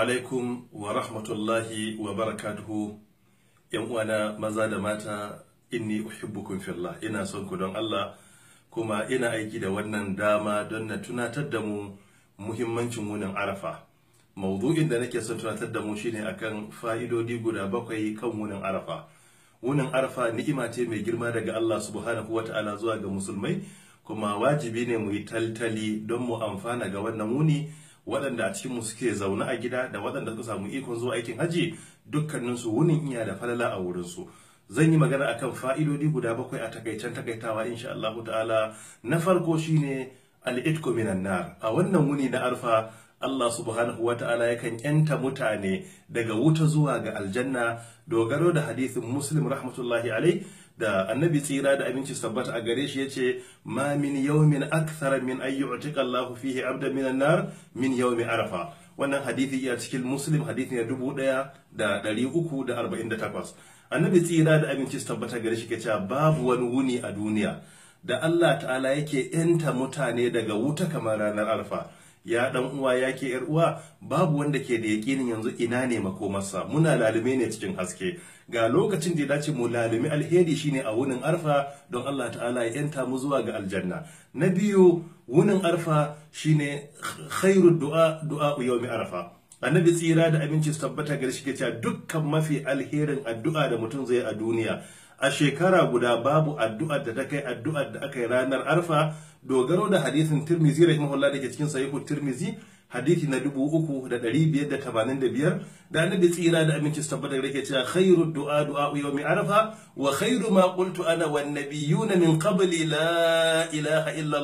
alaikum wa rahmatullahi wa barakatuhu yan uwana maza da mata inni uhibbukum fillah ina son ku don Allah kuma ina aiki da wannan dama don na tunatar da mu muhimmancin wunin Arafa maudu'in da nake son tunatar da mu shine akan fa'idodi guda bakwai kan wunin Arafa wunin Arafa ni'ima ce mai girma daga Allah subhanahu wata'ala zuwa ga musulmai kuma wajibi ne mu yi taltali don mu amfana ga wannan wuni waɗanda a cikinmu suke zaune a gida da waɗanda suka samu ikon zuwa aikin hajji, dukkaninsu wunin iya da falala a wurinsu zan yi magana akan fa'idodi guda bakwai a takaicen takaitawa insha Allah ta'ala na farko shine al-itqu minan nar a wannan wuni na arfa Allah subhanahu wa ta'ala kan yanta mutane daga wuta zuwa ga aljanna dogaro da hadisin Muslim rahmatullahi alaihi da annabi tsira da abinci sabbata a gare shi yace ma min yawmin akthara min ayyutika Allah fihi abda minan nar min yawmi arfa. wannan hadithi ya cikin muslim hadithi ne dubu ɗaya da ɗari uku da arba'in da takwas annabi tsira da abinci sabbata gare shi ke cewa babu wani wuni a duniya da allah ta'ala yake yanta mutane daga wuta kamar ranar alfa ya dan uwa ya ke yar uwa babu wanda ke da yakinin yanzu ina ne makomarsa muna lalume ne cikin haske ga lokacin da ya dace mu lalumi alheri shine a wunin arfa don Allah ta'ala ya yanta mu zuwa ga aljanna na biyu wunin arfa shine khairu du'a du'a yawmi arfa annabi tsira da aminci su tabbata gare shi ke cewa dukkan mafi alherin addu'a da mutum zai a duniya a shekara guda babu addu'ar da ta kai addu'ar da aka yi ranar arfa dogaro da hadisin tirmizi rahimahullah da ke cikin sahihu tirmizi hadithi na 3585 da annabi tsira da aminci tabbatar da ke cewa khairu du'a du'a yawmi arfa wa khairu ma qultu ana wan nabiyyun min qabli la ilaha illa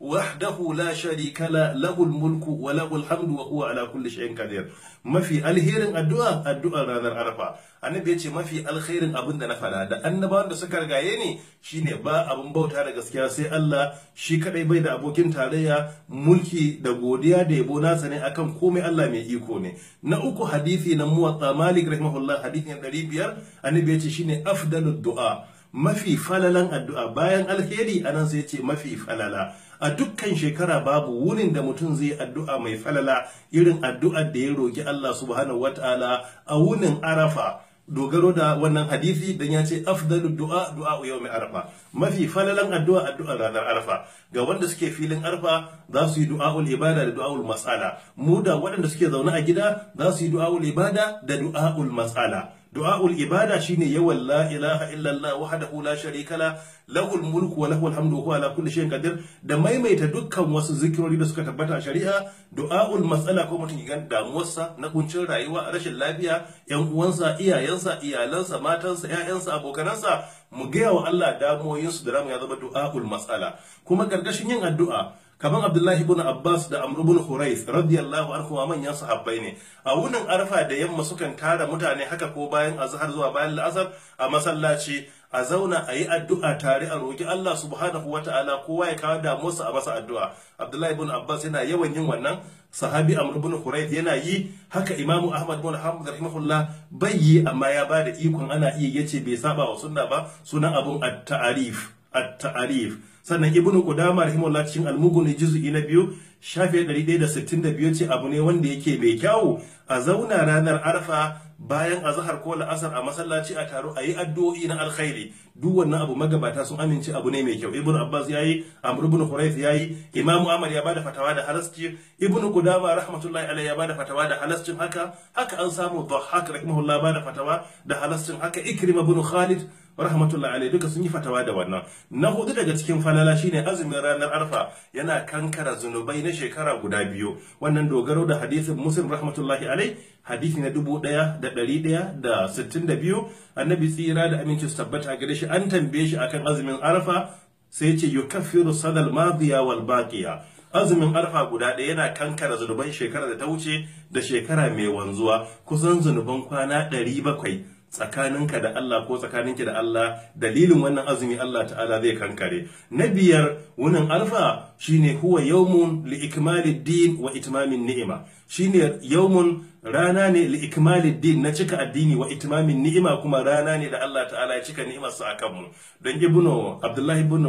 wahdahu la sharika kala lahul mulku wa lahul hamdu wa huwa ala kulle shay'in qadir mafi alherin addu'a addu'ar ranar arafa annabi yace mafi alherin abin da na faɗa. da annabawan da suka rigaye ni shine ba abin bauta da gaskiya sai Allah shi kadai bai da abokin tarayya mulki da godiya da yabo nasa ne akan komai Allah mai iko ne na uku hadisi na muwatta malik rahimahullah hadisin 500 annabi yace shine afdalud du'a mafi falalan addu'a bayan alheri a nan sai ce mafi falala a dukkan shekara babu wurin da mutum zai addu'a mai falala irin addu'ar da ya roƙi Allah subhanahu wataala a wunin arafa dogaro da wannan hadisi dan ya ce afdalu du'a du'a mai arafa mafi falalan addu'a addu'a ranar arafa ga wanda suke filin arafa za su yi du'a'ul ibada da du'a'ul matsala. mu da waɗanda suke zaune a gida za su yi du'a'ul ibada da du'a'ul matsala. du'aul ibada shine yawan la ilaha illallah wahdahu la sharika la lahul mulku wa lahul hamdu wa huwa ala kulli shay'in qadir da maimaita dukkan wasu zikirori da suka tabbata a shari'a du'aul matsala ko mutum ya damuwarsa na kuncin rayuwa rashin lafiya yan uwansa iyayensa iyalansa matansa ƴaƴansa abokanansa mu gaya wa Allah damoyinsu da ramu ya zama du'aul matsala kuma gargashin yin addu'a kamar abdullahi ibn abbas da amr ibn hurais radiyallahu anhu ma manyan sahabbai ne a wunin arfa da yamma sukan tara mutane haka ko bayan azhar zuwa bayan la'asar a masallaci a zauna a yi addu'a tare a roƙi Allah subhanahu wa ta'ala kowa ya kawo damuwarsa a masa addu'a abdullahi ibn abbas yana yawan yin wannan sahabi amr ibn khurais yana yi haka imamu ahmad ibn hanbal rahimahullah bai yi amma ya ba da ikon ana iya yace bai saba wa sunna ba sunan abun at-ta'arif at-ta'arif sannan ibnu qudama rahimahullah cikin al ne juz'i na biyu shafe 165 ce abu ne wanda yake mai kyau a zauna ranar arfa bayan azahar ko la'asar a masallaci a taro a yi addu'o'i na alkhairi duk wannan abu magabata sun amince abu ne mai kyau ibnu abbas yayi amr ibn hurayth yayi imamu ahmad ya bada fatawa da halasci ibnu qudama rahmatullahi alaihi ya bada fatawa da halascin haka haka an samu dhahhak rahimahullah bada fatawa da halascin haka ikrima ibn khalid rahmatullahi alaihi duka sun yi fatawa da wannan na hudu daga cikin falala shine azumin ranar arfa yana kankara zunubai na na shekara guda biyu wannan dogaro da hadisin muslim rahmatullahi alai hadisi na dubu ɗaya da dari ɗaya da sittin da biyu annabi tsira da aminci su tabbata gare shi an tambaye shi akan azumin arfa sai ce yukaffiru sadal madiya wal baqiya azumin arfa guda ɗaya yana kankara zunuban shekara da ta wuce da shekara mai wanzuwa kusan zunuban kwana ɗari bakwai tsakaninka da Allah ko tsakaninki da Allah dalilin wannan azumi Allah ta'ala zai kankare na biyar wunin alfa shine huwa yawmun li ikmali din wa itmamin ni'ima shine yawmun rana ne li'ikmalid din na cika addini wa itimamin ni'ima kuma rana ne da Allah ta'ala ya cika ni'imarsa a mu don ibnu abdullahi ibnu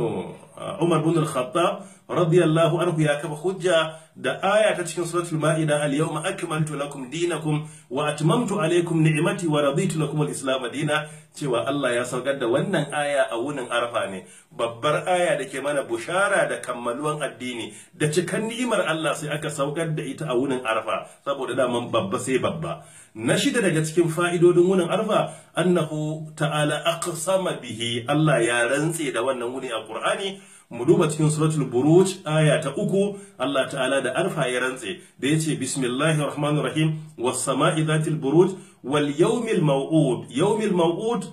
uh, umar ibn al-khattab radiyallahu anhu ya kafa hujja da aya ta cikin suratul ma'ida al-yawma akmaltu lakum dinakum wa atmamtu alaykum ni'mati wa raditu lakum al-islam dina cewa Allah ya saukar da wannan aya a wunin arfa ne babbar aya da ke mana bushara da kammaluwan addini da cikan ni'imar Allah sai aka saukar da ita a wunin arfa saboda daman babbar sai babba na shida daga cikin fa'idodin wunin arfa annahu ta'ala aqsama bihi Allah ya rantse da wannan wuni a Qur'ani mu duba cikin suratul buruj aya ta uku Allah ta'ala da arfa ya rantse da yace bismillahir rahmanir rahim was sama'i dhatil buruj wal yawmil maw'ud yawmil maw'ud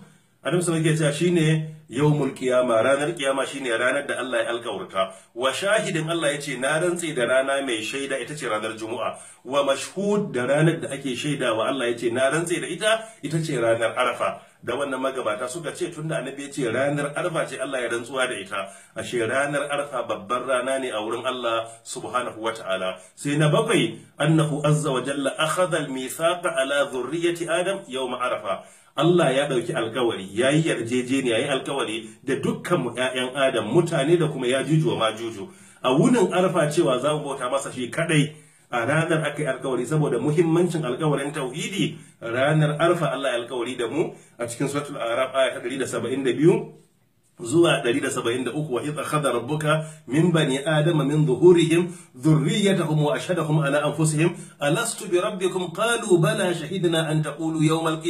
adam sai yake cewa shine yawmul mulkiyama ranar kiyama shine ranar da Allah ya alkawarta wa shahidin Allah yace na rantse da rana mai shaida ita ce ranar juma'a wa mashhud da ranar da ake shaida wa Allah yace na rantse da ita ita ce ranar arafa da wannan magabata suka ce tunda annabi ya ce ranar arfa ce Allah ya rantsuwa da ita ashe ranar arfa babbar rana ne a wurin Allah subhanahu ta'ala. sai na bakwai annahu azza wa jalla akhadha al-mithaqa ala dhurriyyati adam yawm arafa Allah ya ɗauki alkawari ya yi yarjejeniya ya yi alkawari da dukkan ‘ya'yan adam mutane da kuma ya jujuwa ma juju a wunin arfa cewa za mu bauta masa shi kaɗai a ranar aka yi alkawari saboda muhimmancin alkawarin tauhidi ranar arfa Allah ya alkawari da mu a cikin suratul arab aya ta 172 zuwa 173 wa idza akhadha rabbuka min bani adama min zuhurihim dhurriyyatahum wa ashhadahum ala anfusihim alastu bi rabbikum qalu bala shahidna an taqulu yawm al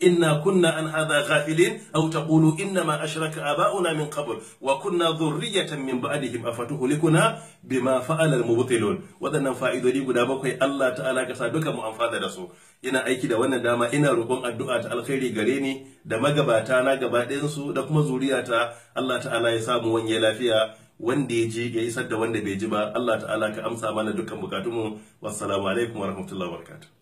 inna kunna an hadha ghafilin aw taqulu inna ma ashraka aba'una min qabl wa kunna dhurriyyatan min ba'dihim likuna bima fa'ala al-mubtilun wadannan fa'idodi guda bakwai Allah ta'ala ka sa duka mu amfana da su ina aiki da wannan dama ina roƙon addu'a ta alkhairi gare ni da magabata na gaba ɗayan su da kuma zuriya bukata Allah ta'ala ya samu wani lafiya wanda ya ji ya isar da wanda bai ji ba Allah ta'ala ka amsa mana dukkan bukatunmu wassalamu alaikum warahmatullahi wabarakatuh